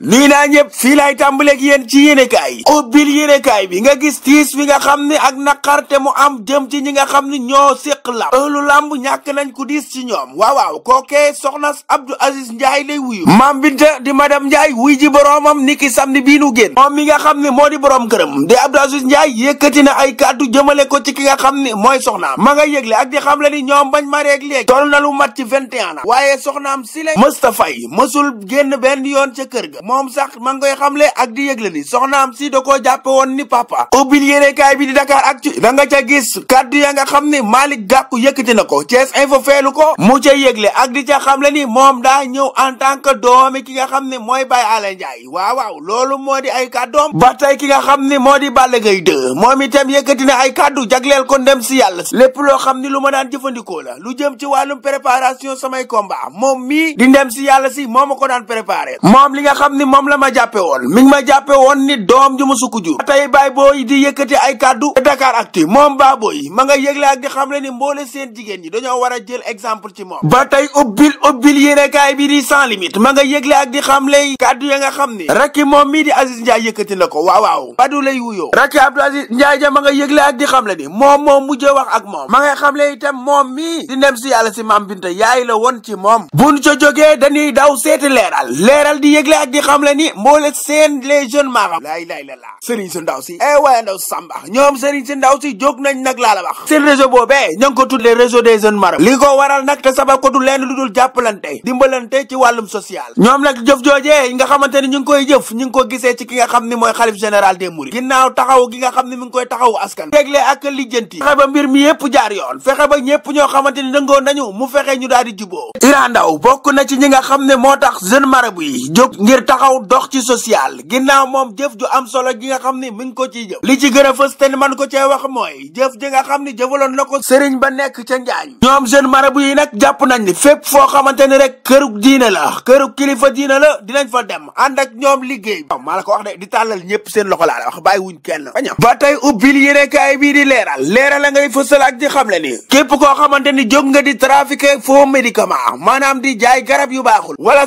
nuy naa ñëpp fii laay tàmbaleeg yéen ci yéenekaay yi ubbil yéenekaay bi nga gis tiis bi nga xam ne ak naqar te mu am jëm ci ñi nga xam ne ñoo séq lamb ëllu lamb ñàkk nañ ku diis ci ñoom waaw waaw kookee soxna Abdou Aziz Ndiaye lay wuyu maam Binta di madame Ndiaye wuy ji boroomam niki samedi bii nu génn moom mi nga xam ne moo di boroom këram di Abdou Aziz Ndiaye yëkkati na ay kàddu jëmale ko ci ki nga xam ne mooy soxnaam ma nga yëgle ak di xam la ni ñoom bañ ma reeg léegi toll na lu mat ci 21 ans waaye soxnaam si la mësta fay mësul génn benn yoon ca kër ga moom sax ma ngi koy xamle ak di yëgle ni soxnaam si da koo jàppe woon ni papa ubbil yéenekaay bi di Dakar Actu da nga ca gis kaddu ya nga xam ni Malick Gakou yëkkati na ko Thiès Info feelu ko mu ca yëgle ak di ca xamle ni moom daa ñëw en tant que doomi ki nga xam ne mooy Baye Alain Ndiaye waaw waaw loolu moo di ay kàddoom ba tey ki nga xam ni moo di Balla Gaye 2 moom itam yëkkati na ay kaddu jagleel ko ndem si yàlla lépp loo xam ni lu ma daan jëfandikoo la lu jëm ci wàllum préparation samay combat moom mii di ndem yàlla si moo ma ko daan préparé ni moom la ma jàppe woon mi ngi ma jàppe woon ni doom ju ma sukk jur tey baay booy di yëkkati ay kàddu Dakar Actu moom baa booy ma nga yëgle ak di xam le ni mboole seen jigéen ñi dañoo war a jël exemple ci moom ba tey ubbil ubbil yéenekaay bi di sans limite ma nga yëgle xam le kàddu ya nga xam ni rakki moom mii di Aziz Ndiaye yëkkati na ko waaw waaw badu lay wuyoo rakki Abdou Aziz Ndiaye ma nga yëgle ak di xam le ni moom moom mujjee wax ak moom ma nga xam le itam moom mii di ndem si yàlla si maam Binta yaay la woon ci moom buñ ca jógee dañuy daw seeti leeral leeral di yëgle ak ngi xam le ni moo la seen les jeunes maaxam laay laay la laa Serigne si ndaw si eh waaye ndaw Samba ñoom Serigne si ndaw si jóg nañ nag laa la seen réseau boobee ña ngi ko tuddee réseau des jeunes marab li ko waral nag te sabab ko du leen lu dul jàppalante dimbalante ci wàllum social ñoom nag jëf joojee nga ñu ngi koy jëf ñu ngi ko gisee ci ki nga xam ni mooy xalif général des mourides ginnaaw taxaw gi xam ni mi koy taxaw askan tegle ak lijjanti fexe ba mbir mi yépp jaar yoon fexe ba ñépp ñoo xamante ni dëngoo nañu mu fexe ñu daal di juboo Iran Ndao bokk na ci moo tax jeune taxaw dox ci social ginnaaw moom jëf ju am solo ji nga xam ni mi ngi ko ciy jëf li ci gën a fës te ni man ko cee wax mooy jëf ji nga xam ni jëfaloon na ko sëriñ ba nekk ca njaañ ñoom jeune marabu yi nag jàpp nañ ni fépp foo xamante ni rek kërug diine la kërug kilifa diine la dinañ fa dem ànd ak ñoom liggéey bi maa la ko wax de di tàllal ñëpp seen loxo laa la wax bàyyi wuñ kenn bañam ba tey ubbil yéenekaay bii di leeral leeral la ngay fësal ak di xamle ni képp koo xamante ni jóg nga di trafiquer faux médicament maanaam di jaay garab yu baaxul wala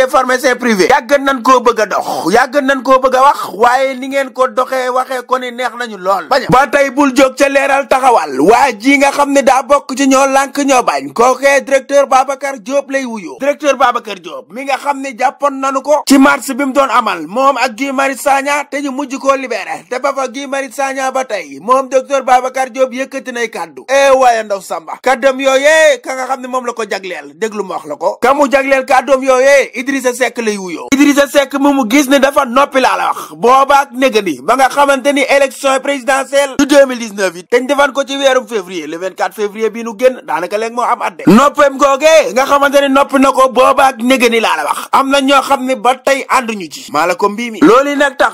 des pharmaciens privés yàgg nañ koo bëgg a dox yàgg nañ koo bëgg a wax waaye ni ngeen ko doxee waxee ko ni neex nañu lool bañ ba tey bul jóg ca leeral taxawal waa ji nga xam ne daa bokk ci ñoo lànk ñoo bañ kookee directeur Babacar Diop lay wuyoo directeur Babacar Diop mi nga xam ne jàppoon nañu ko ci mars bi mu doon amal moom ak Guy Marius Sagna te ñu mujj ko libéré te ba fa Guy Marius Sagna ba tey moom docteur Babacar Diop yëkkati nay kàddu e waaye ndaw Samba kàddam yooyee ka nga ne moom la ko jagleel déglu ma wax la ko Idrissa Seck lay wuyoo Idrissa Seck mu mu gis ne dafa noppi laa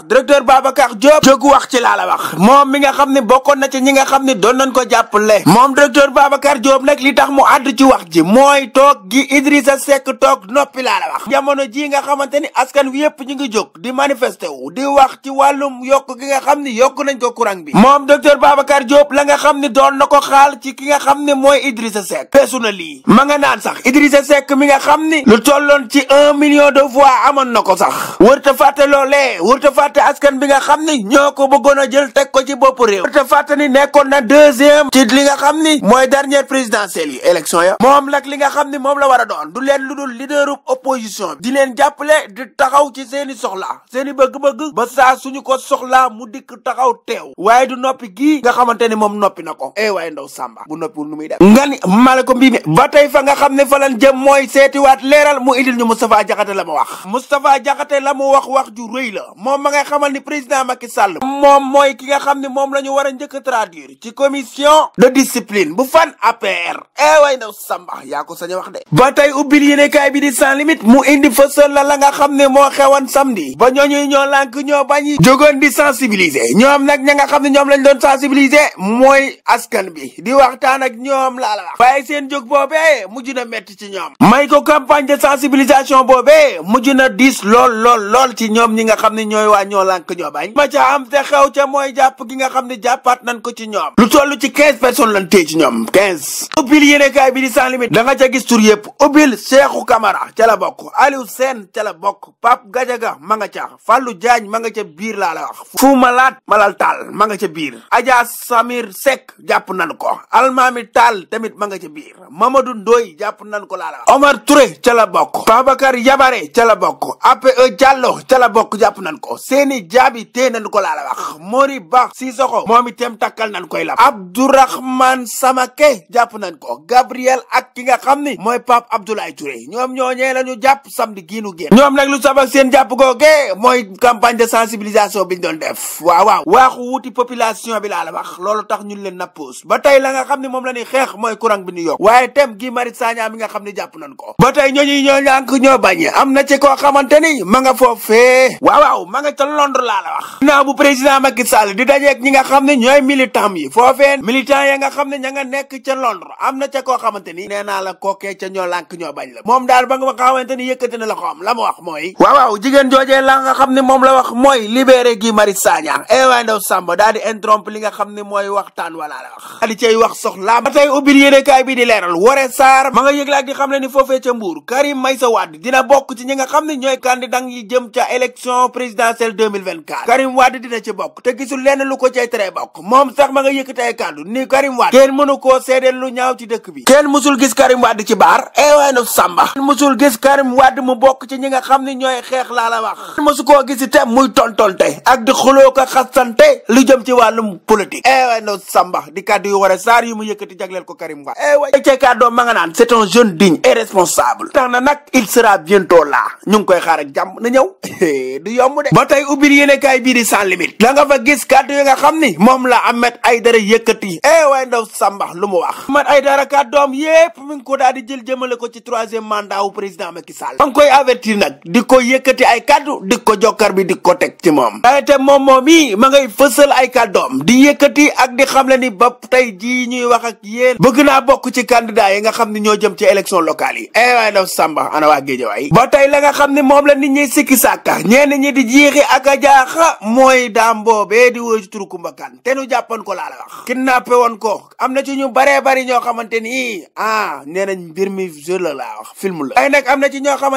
directeur Babacar Diop jóg wax ci tax mu àddu ci wax ji mooy toog gi Idrissa Seck toog noppi laa la jamono ji nga xamante ni askan wi yëpp ñu ngi jóg di manifester wu di wax ci wàllum yokk gi nga xam ni yokk nañ ko courant bi moom docteur Babacar Diop la nga xam ni doon na ko xaal ci ki nga xam ne mooy Idrissa Seck peesu na lii ma nga naan sax Idrissa Seck mi nga xam ni lu tolloon ci un million de na ko sax wërta fàtte loolee wërta fàtte askan bi nga xam ni ñoo ko bëggoon a jël teg ko ci bopp réew wërta fàtte ni nekkoon na deuxième ci li nga xam ni mooy dernière présidentielle yi élection ya moom nag li nga xam ni moom la war a doon du leen lu dul leaderu opposition di leen jàppale di taxaw ci seeni soxla seeni bëgg-bëgg ba saa suñu ko soxla mu dikk taxaw teew waaye du noppi gii nga xamante ni moom noppi na ko eh waaye ndaw Samba bu noppiwul nu muy def nga ni mala ko mbii mi ba tey fa nga xam ne fa lan jëm mooy seetiwaat leeral mu indil ñu Moustapha Diakhaté la ma wax Moustapha Diakhaté la mu wax wax ju rëy la moom ma ngay xamal ni président Macky Sall moom mooy ki nga xam ne moom la ñu war a njëkk a traduire ci commission de discipline bu fan APR eh waaye Samba yaa ko sañ wax de mu indi di fësal la nga xam ne moo xewoon samedi ba ñooñu ñoo lànk ñoo bañ jógoon di sensibiliser ñoom nag ña nga xam ne ñoom lañ doon sensibiliser mooy askan bi di waxtaan ak ñoom laa la waaye seen jóg boobee mujj na métti ci ñoom may ko campagne de sensibilisation boobe mujj na diis lool lool lool ci ñoom ñi nga xam ne ñooy waa ñoo lank ñoo bañ ma ca am te xew ca mooy jàpp gi nga xam ne jàppaat nañ ko ci ñoom lu toll ci quinze personnes lañ téye ci ñoom quinze ubbil yéenekaay bi di gis tur yëpp ubbil Cheikhou Camara ca la bokk Aliou Sène ca la bokk Pape Gadiaga ma nga ca Fallou Diagne ma nga ca biir laa la wax Fou Malade Malal taal ma nga ca biir Adja Samir sek jàpp nan ko Almami Tall tamit ma nga ca biir Mamadou Ndoye jàpp nan ko laa la wax Omar Touré ca la bokk Babacar Yabare ca la bokk APE e Diallo ca la bokk jàpp nan ko Seyni Diaby tee nan ko laa la wax Mori Ba Sissoko moom itam takkal nan koy la Abdourahmane Samake jàpp nan ko Gabriel ak ki nga xam ni mooy Pape Abdoulaye Touré ñoom ñooñee ñu jàpp samedi gii nu génn ñoom nag lu sabab seen jàpp googee mooy campagne de sensibilisation bi ñu doon def waaw waaw waaxu wuti population bi laa la tax ñun leen nappoos ba tey la nga xam ne moom la ñuy xeex mooy courant bi ñu yokk waaye tem gi Marie Sagna nga xam ne jàpp nañ ko ba tey ñooñu ñoo ñànk ñoo bañ am na ci koo xamante ni ma nga foofee waaw waaw ma nga ca Londres laa la wax ginnaaw bu président Macky Sall di dajeeg ñi nga xam ne ñooy militant yi foofee ya nga xam ne ña nga nekk ca Londres am na ca koo xamante ni nee naa la kookee ca ñoo lànk ñoo bañ la yëkkati na loxoom la mu wax mooy waawaaw jigéen joojee la nga xam ne moom la wax mooy libéré Guy Marius Sagna ewaay eh ndaw Samba daa di interrompre li nga xam ne mooy waxtaan walaa la wax daa di wax soxlaa ba tey ubbil yéenekaay bi di leeral Woré Sarr ma nga yëglaak di xam ne ni foofee ca Mbuur Karim Meïssa Wade dina bokk ci ñi nga xam ne ñooy candidat yi jëm ca élection présidentielle 2024 Karim Wade dina ci bokk te gisul lenn lu ko cay tere bokk moom sax ma nga yëkkati ay kàddu ni Karim Wade kenn Wade mu bokk ci ñi nga xam ni ñooy xeex laa la wax masu koo gisi te muy tontonte ak di a ko xasante lu jëm ci wàllum politique eeway eh no samba di kàddu yu war a saar yu mu yëkkati jagleel ko Karim Wade eeway eh cee kàddoo ma nga naan c'est un jeune digne et responsable tax nag il sera bientôt laa ñu ngi koy xaar a jàmm na ñëw di yomb de ba tey ubbil yéenekaay bii di sans limite da nga fa gis kàddu yi nga xam ni moom la Ahmed Aïdara yëkkati eeway eh ndaw samba lu mu wax Ahmed Aïdara kàddoom yépp mi ngi ko daal di jël jëmale ko ci troisième mandat wu président Macky Sall ngi koy avertir nag di ko yëkkati ay kàddu di ko jokkar bi di ko teg ci moom te moom moom yi ma ngay fësal ay kàddoom di yëkkati ak di xamle ni ba tey jii ñuy wax ak yéen bëgg naa bokk ci candidat yi nga xam ne ñoo jëm ci élection locale yi eh waaye daf sàmba ana waa géejawaay ba tey la nga xam ne moom la nit ñi sikki sàkka ñenn ñi di jiixi ak a jaaxa mooy daam boobee di wóoju turu Kumba Kan te nu jàppoon ko laa la wax kidnappé woon ko am na ci ñu baree bari ñoo xamante ni ah nee nañ mbir mi jeu la laa wax film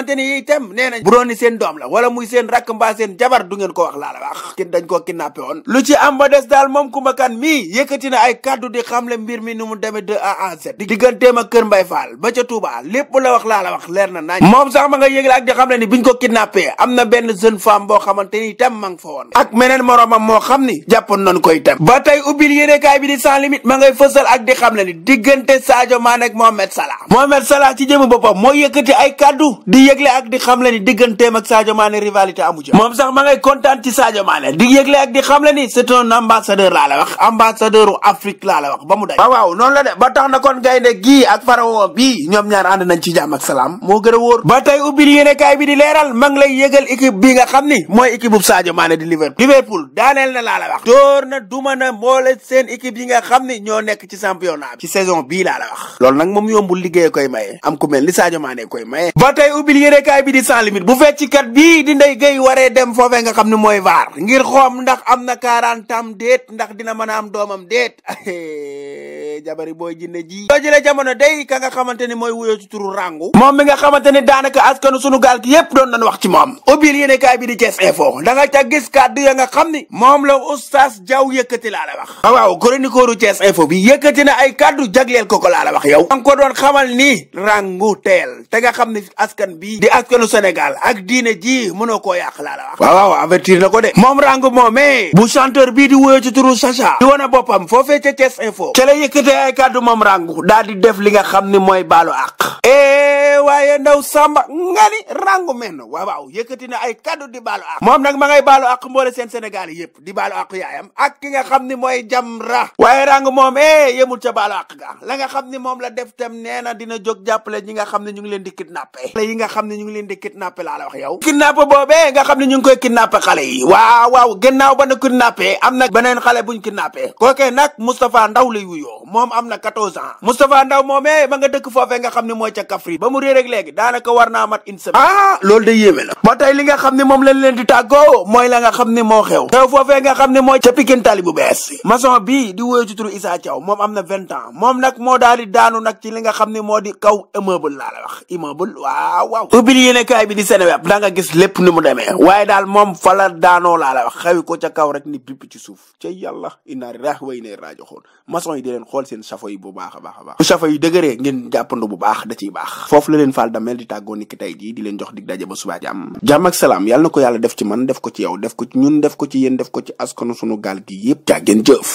xamante ni itam nee na bu doon ni seen doom la wala muy seen rakk mbaa seen jabar du ngeen ko wax laa la wax ki dañ koo kidnappé woon lu ci am des daal moom Coumba Kane mii yëkkati na ay kaddu di xamle ni A ba ca Touba lépp la wax laa la wax leer na biñ ko kidnappé am na benn jeune femme boo xamante ni itam ma nga fa woon ak meneen moroomam moo xam ni jàppoon nañ ko itam ba tey ubbil yéenekaay bi di sans limite ma ngay fësal ak di xamle ni diggante Sadio Mané ak Salah Mohamed Salah ci jëmu boppam moo yëkkati ay kaddu di yëgle ak di xamle ni digganteem ak Sadio Mané rivalité amu ci moom sax ma ngay kontaan ci Sadio Mané di yëgle ak di xamle ni c'est un ambassadeur laa la la wax ba mu day waaw waaw noonu la de ba tax na kon gaynde gii ak pharaon bii ñoom ñaar ànd nañ ci jàmm ak salaam moo gën a wóor ba tey ubbil yéenekaay bi di leeral ma ngi lay yëgal équipe bi nga xam ni mooy équipe bu Sadio Mané di Liverpool Liverpool daaneel na laa la wax door na duma na mboole seen équipe yi nga xam ni ñoo nekk ci championnat bi ci saison bii laa la loolu nag moom yombul liggéey koy maye am ku mel ni Sadio Mané koy maye ba tey yéenekaay bi di sans limite bu fecckat bii di Ndeye Gueye waree dem foofee nga xam ne mooy vaar ngir xoom ndax am na quarante am déet ndax dina mën a am doomam déet day jabari booy jinne ji jooju la jamono day ka nga xamante ni mooy wuyoo ci turu ràngu moom mi nga xamante ni daanaka askanu sunu gaal gi yépp doon nañ wax ci moom ubbil yéene kaay bi di Thiès Info da ah waaw chroniqueuru na ko ko laa la wax yow da nga ko doon xamal ni ràngu di askanu Sénégal ak diine ji mënoo koo yàq laa la wax waaw avertir na ko de moom ràngu moomee bu chanteur bii di ci turu Sacha di wane boppam foofee ca Thiès Info ca la yëkkati yëkkatee ay kàddu moom ràngu daal di def li nga xam ni mooy baalu àq eh, waaye ndaw samba nga ni rangu men waaw waaw ay kaddu di baalu ak moom nag ma ngay baalu ak mboole seen Sénégal yëpp di baalu ak yaayam ak ki nga xam ni mooy Jamra waaye rangu moom eh yemul ca baalu ga la nga xam ni moom la def tam nee na dina jóg jàppale ñi nga xam ne ñu ngi leen di kidnappé xale yi ne ñu ngi leen di kidnappé laa la wax yow kidnapp boobee nga xam ne ñu ngi koy kidnappé xale yi waaw waaw gannaaw ba na kidnappé na beneen xale buñ kidnappé kookee nag Moustapha Ndaw lay wuyoo moom am na 14 ans Moustapha Ndaw moomee ma nga dëkk foofee ne mooy ca Kaffrine boobeeg léegi daanaka war naa mat une semaine ah loolu day yéeme la li nga xam ne moom lañ leen di tàggoo mooy la nga xam ne moo xew xew foofee nga xam ne mooy ca Pikine tali bu bees maçon bii di wóyo ci turu Issa Thiaw am na vingt ans moom nag moo daal di daanu nag li nga xam ne moo di kaw immeuble laa la wax immeuble waaw waaw ubbil yéenekaay bi di Seneweb da nga gis lépp ni mu demee waaye daal moom fa la daanoo laa la wax xewi ko ca kaw rek ni bipp ci suuf ca i inaa raax way ne raajo xool maçon yi di leen xool seen safo bu a a baax bu safo yi dëgëree ngeen Seen da Damel di tàggoo niki tey jii di leen jox dig daje ba subaa jàmm salaam yàlla ko yàlla def ci man def ko ci yow def ko ñun def ko ci yéen def ko ci askanu sunu gaal gi yépp jaa jëf